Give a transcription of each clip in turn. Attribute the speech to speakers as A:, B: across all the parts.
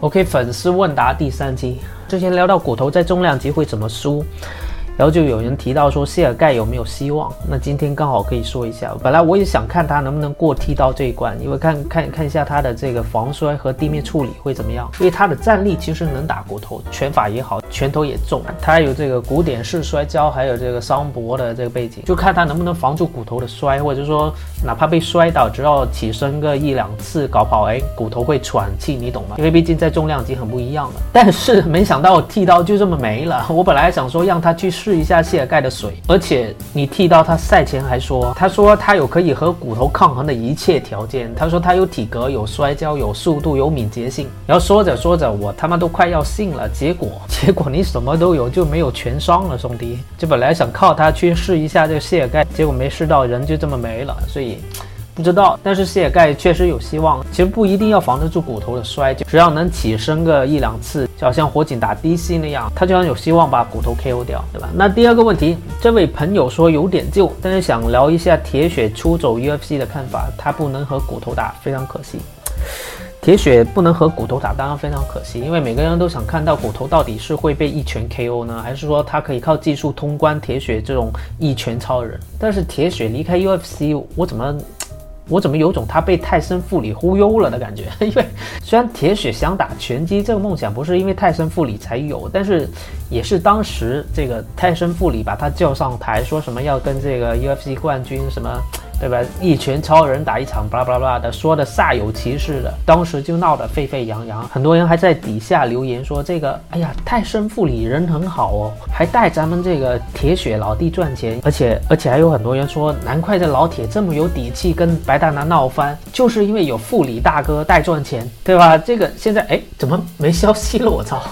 A: OK，粉絲問答第三期，之前聊到骨頭在重量級會怎麼輸。然後就有人提到說謝爾蓋有沒有希望？那今天剛好可以說一下。本來我也想看他能不能過剃刀這一關，因為看看看一下他的這個防摔和地面處理會怎麼樣。因為他的站立其實能打骨頭，拳法也好，拳頭也重。他有這個古典式摔跤，還有這個桑博的這個背景，就看他能不能防住骨頭的摔，或者是說哪怕被摔倒，只要起身個一兩次搞不好，哎，骨頭會喘氣，你懂嗎？因為畢竟在重量級很不一樣了。但是沒想到我剃刀就這麼沒了。我本來想說讓他去。試一下謝爾蓋的水，而且你剃刀他賽前還說，他說他有可以和骨頭抗衡的一切條件。他說他有體格，有摔跤，有速度，有敏捷性，然後說着說着，我他媽都快要信了。結果結果你什麼都有，就沒有全傷了，兄弟，就本來想靠他去試一下這個謝爾蓋，結果沒試到，人就這麼沒了，所以。不知道，但是謝爾蓋確實有希望。其實不一定要防得住骨頭的摔跤，只要能起身個一兩次，就好像火警打 DC 那樣，他就像有希望把骨頭 KO 掉，對吧？那第二個問題，這位朋友說有點舊，但是想聊一下鐵血出走 UFC 的看法。他不能和骨頭打，非常可惜。鐵血不能和骨頭打，當然非常可惜，因為每個人都想看到骨頭到底是會被一拳 KO 呢，還是說他可以靠技術通關鐵血這種一拳超人？但是鐵血離開 UFC，我怎麼？我怎麼有種他被泰森·富里忽悠了的感覺？因為雖然鐵血想打拳擊這個夢想不是因為泰森·富里才有，但是也是當時這個泰森·富里把他叫上台，說什麼要跟這個 UFC 冠軍什麼。對吧？一拳超人打一場，巴拉巴拉巴的，說的煞有其事的，當時就鬧得沸沸揚揚，很多人還在底下留言說這個，哎呀，泰森富里人很好哦，還帶咱們這個鐵血老弟賺錢，而且而且還有很多人說，難怪這老鐵這麼有底氣跟白大拿鬧翻，就是因為有富里大哥帶賺錢，對吧？這個現在哎，怎麼沒消息了？我操，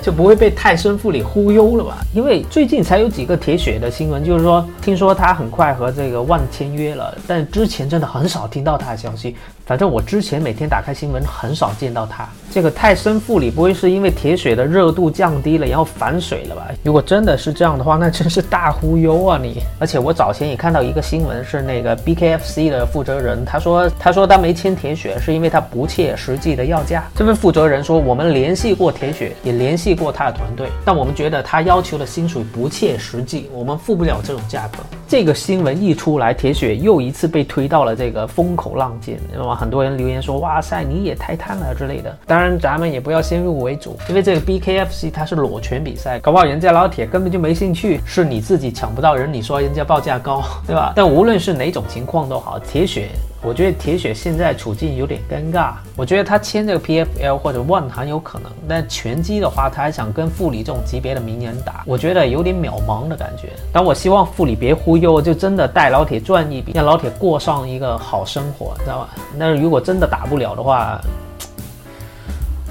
A: 就不會被泰森富里忽悠了吧？因為最近才有幾個鐵血的新聞，就是說聽說他很快和這個萬簽約了。但之前真的很少聽到他的消息，反正我之前每天打開新聞很少見到他。這個泰森富里不會是因為鐵血的熱度降低了然後反水了吧？如果真的是這樣的話，那真是大忽悠啊你！而且我早前也看到一個新聞，是那個 BKFC 的負責人，他說他說他沒簽鐵血是因為他不切實際的要價。這位負責人說，我們聯繫過鐵血，也聯繫過他的團隊，但我們覺得他要求的薪水不切實際，我們付不了這種價格。這個新聞一出來，鐵血又一次被推到了這個風口浪尖，知道嗎？很多人留言說：“哇塞，你也太貪了”之類的。當然，咱們也不要先入為主，因為這個 BKFC 它是裸拳比賽，搞不好人家老鐵根本就沒興趣，是你自己搶不到人，你說人家報價高，對吧？但無論是哪種情況都好，鐵血。我覺得鐵血現在處境有點尷尬。我覺得他簽這個 PFL 或者萬 n 有可能，但拳擊的話，他還想跟富里這種級別的名人打，我覺得有點渺茫的感覺。但我希望富里別忽悠，就真的帶老鐵賺一筆，讓老鐵過上一個好生活，知道吧？但是如果真的打不了的話，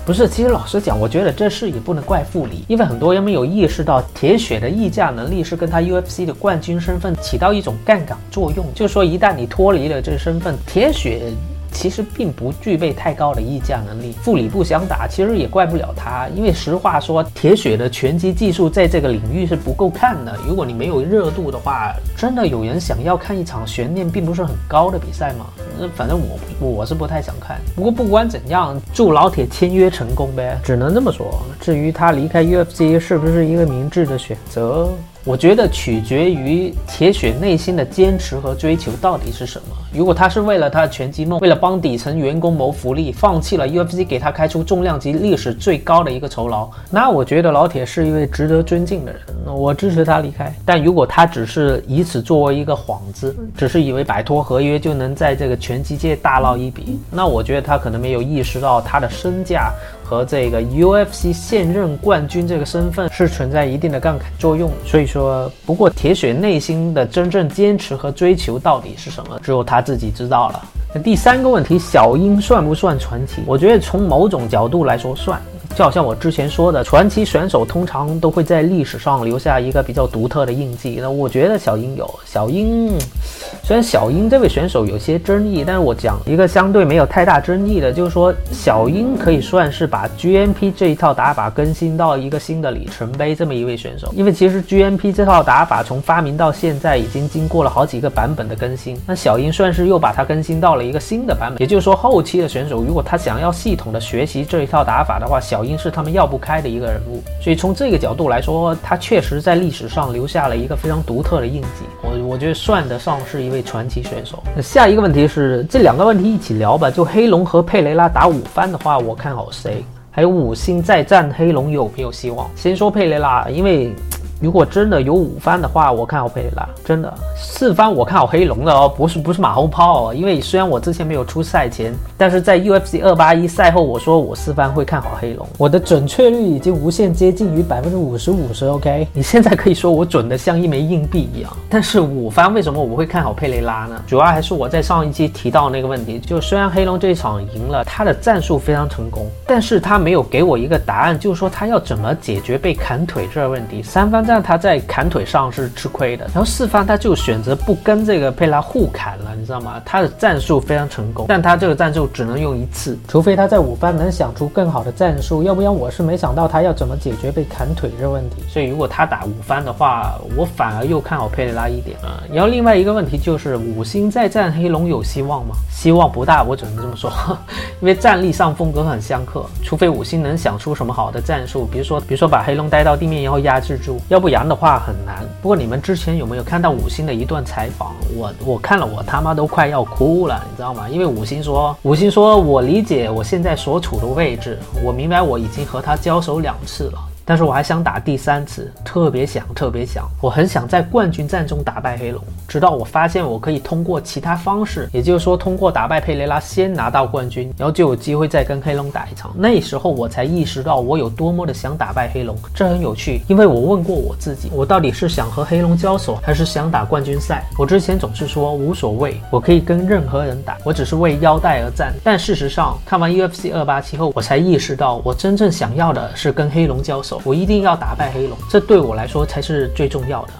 A: 不是，其實老實講，我覺得這事也不能怪富里，因為很多人沒有意識到，鐵血的溢價能力是跟他 UFC 的冠軍身份起到一種槓桿作用，就是說一旦你脫離了這個身份，鐵血。其實並不具備太高的溢價能力。富里不想打，其實也怪不了他，因為實話說，鐵血的拳擊技術在這個領域是不夠看的。如果你沒有熱度的話，真的有人想要看一場懸念並不是很高的比賽嗎？那反正我我，我是不太想看。不過不管怎樣，祝老鐵簽約成功唄，只能這麼說。至於他離開 UFC 是不是一個明智的選擇？我覺得取決於鐵血內心的堅持和追求到底是什麼。如果他是為了他的拳擊夢，為了幫底層員工謀福利，放棄了 UFC，給他開出重量級歷史最高的一個酬勞，那我覺得老鐵是一位值得尊敬的人，我支持他離開。但如果他只是以此作為一個幌子，只是以為擺脫合約就能在這個拳擊界大撈一筆，那我覺得他可能沒有意識到他的身價。和這個 UFC 現任冠軍這個身份是存在一定的槓桿作用，所以說，不過鐵血內心的真正堅持和追求到底是什麼，只有他自己知道了。那第三個問題，小鷹算不算傳奇？我覺得從某種角度來說，算。就好像我之前說的，傳奇選手通常都會在歷史上留下一個比較獨特的印記。那我覺得小鷹有小鷹，雖然小鷹這位選手有些爭議，但是我講一個相對沒有太大爭議的，就是說小鷹可以算是把 GMP 這一套打法更新到一個新的里程碑這麼一位選手。因為其實 GMP 這套打法從發明到現在已經經過了好幾個版本的更新，那小鷹算是又把它更新到了一個新的版本。也就是說，後期的選手如果他想要系統的學習這一套打法的話，小小鷹是他們繞不開的一個人物，所以從這個角度來說，他確實在歷史上留下了一個非常獨特的印記。我我覺得算得上是一位傳奇選手。那下一個問題是，這兩個問題一起聊吧。就黑龍和佩雷拉打五番的話，我看好誰？還有五星再戰黑龍有沒有希望？先說佩雷拉，因為。如果真的有五番的話，我看好佩雷拉。真的四番我看好黑龍的哦，不是不是馬後炮哦，因為雖然我之前沒有出賽前，但是在 UFC 二八一賽後，我說我四番會看好黑龍，我的準確率已經無限接近於百分之五十五十。OK，你現在可以說我準的像一枚硬幣一樣。但是五番為什麼我會看好佩雷拉呢？主要還是我在上一期提到那個問題，就雖然黑龍這一場贏了，他的戰術非常成功，但是他沒有給我一個答案，就是說他要怎麼解決被砍腿這個問題。三番。但他在砍腿上是吃虧的，然後四番他就選擇不跟這個佩拉互砍了，你知道嗎？他的戰術非常成功，但他這個戰術只能用一次，除非他在五番能想出更好的戰術，要不然我是沒想到他要怎麼解決被砍腿這個問題。所以如果他打五番的話，我反而又看好佩雷拉一點啊，嗯。然後另外一個問題就是五星再戰黑龍有希望嗎？希望不大，我只能這麼說，呵呵，因為戰力上風格很相克，除非五星能想出什麼好的戰術，比如說比如說把黑龍帶到地面然後壓制住，要。要不然的話很難。不過你們之前有沒有看到五星的一段採訪？我我看了，我他媽都快要哭了，你知道嗎？因為五星說，五星說我理解我現在所處的位置，我明白我已經和他交手兩次了。但是我還想打第三次，特別想，特別想。我很想在冠軍戰中打敗黑龍。直到我發現我可以通過其他方式，也就是說通過打敗佩雷拉先拿到冠軍，然後就有機會再跟黑龍打一場。那時候我才意識到我有多麼的想打敗黑龍。這很有趣，因為我問過我自己，我到底是想和黑龍交手，還是想打冠軍賽？我之前總是說無所謂，我可以跟任何人打，我只是為腰帶而戰。但事實上，看完 UFC 二八七後，我才意識到我真正想要的是跟黑龍交手。我一定要打敗黑龍，這對我來說才是最重要的。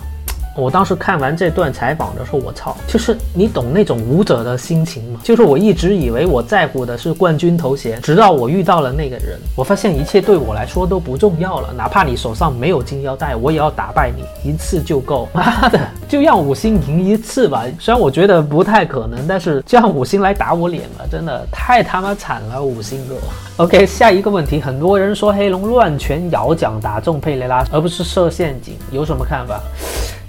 A: 我當時看完這段採訪的時候，我操，就是你懂那種武者的心情嗎？就是我一直以為我在乎的是冠軍頭銜，直到我遇到了那個人，我發現一切對我來說都不重要了。哪怕你手上沒有金腰帶，我也要打敗你一次就夠。媽的！就讓五星贏一次吧，雖然我覺得不太可能，但是就讓五星來打我臉吧，真的太他媽慘了，五星哥。OK，下一個問題，很多人說黑龍亂拳搖獎打中佩雷拉，而不是設陷阱，有什麼看法？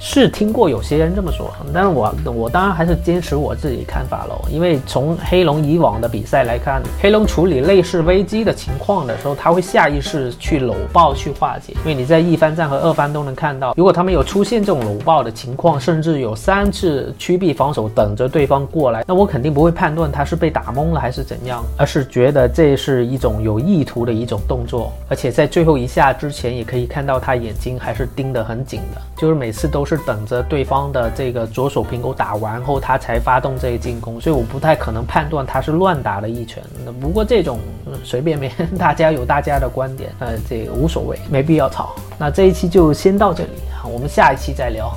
A: 是聽過有些人這麼說，但是我我當然還是堅持我自己看法嘍，因為從黑龍以往的比賽來看，黑龍處理類似危機的情況的時候，他會下意識去摟抱去化解，因為你在一番戰和二番都能看到，如果他們有出現這種摟抱的情況。甚至有三次曲臂防守等着對方過來，那我肯定不會判斷他是被打懵了還是怎樣，而是覺得這是一種有意圖的一種動作。而且在最後一下之前，也可以看到他眼睛還是盯得很緊的，就是每次都是等着對方的這個左手平勾打完後，他才發動這個進攻，所以我不太可能判斷他是亂打了一拳。那不過這種、嗯、隨便唄，大家有大家的觀點，呃，這無所謂，沒必要吵。那這一期就先到這裡，我們下一期再聊。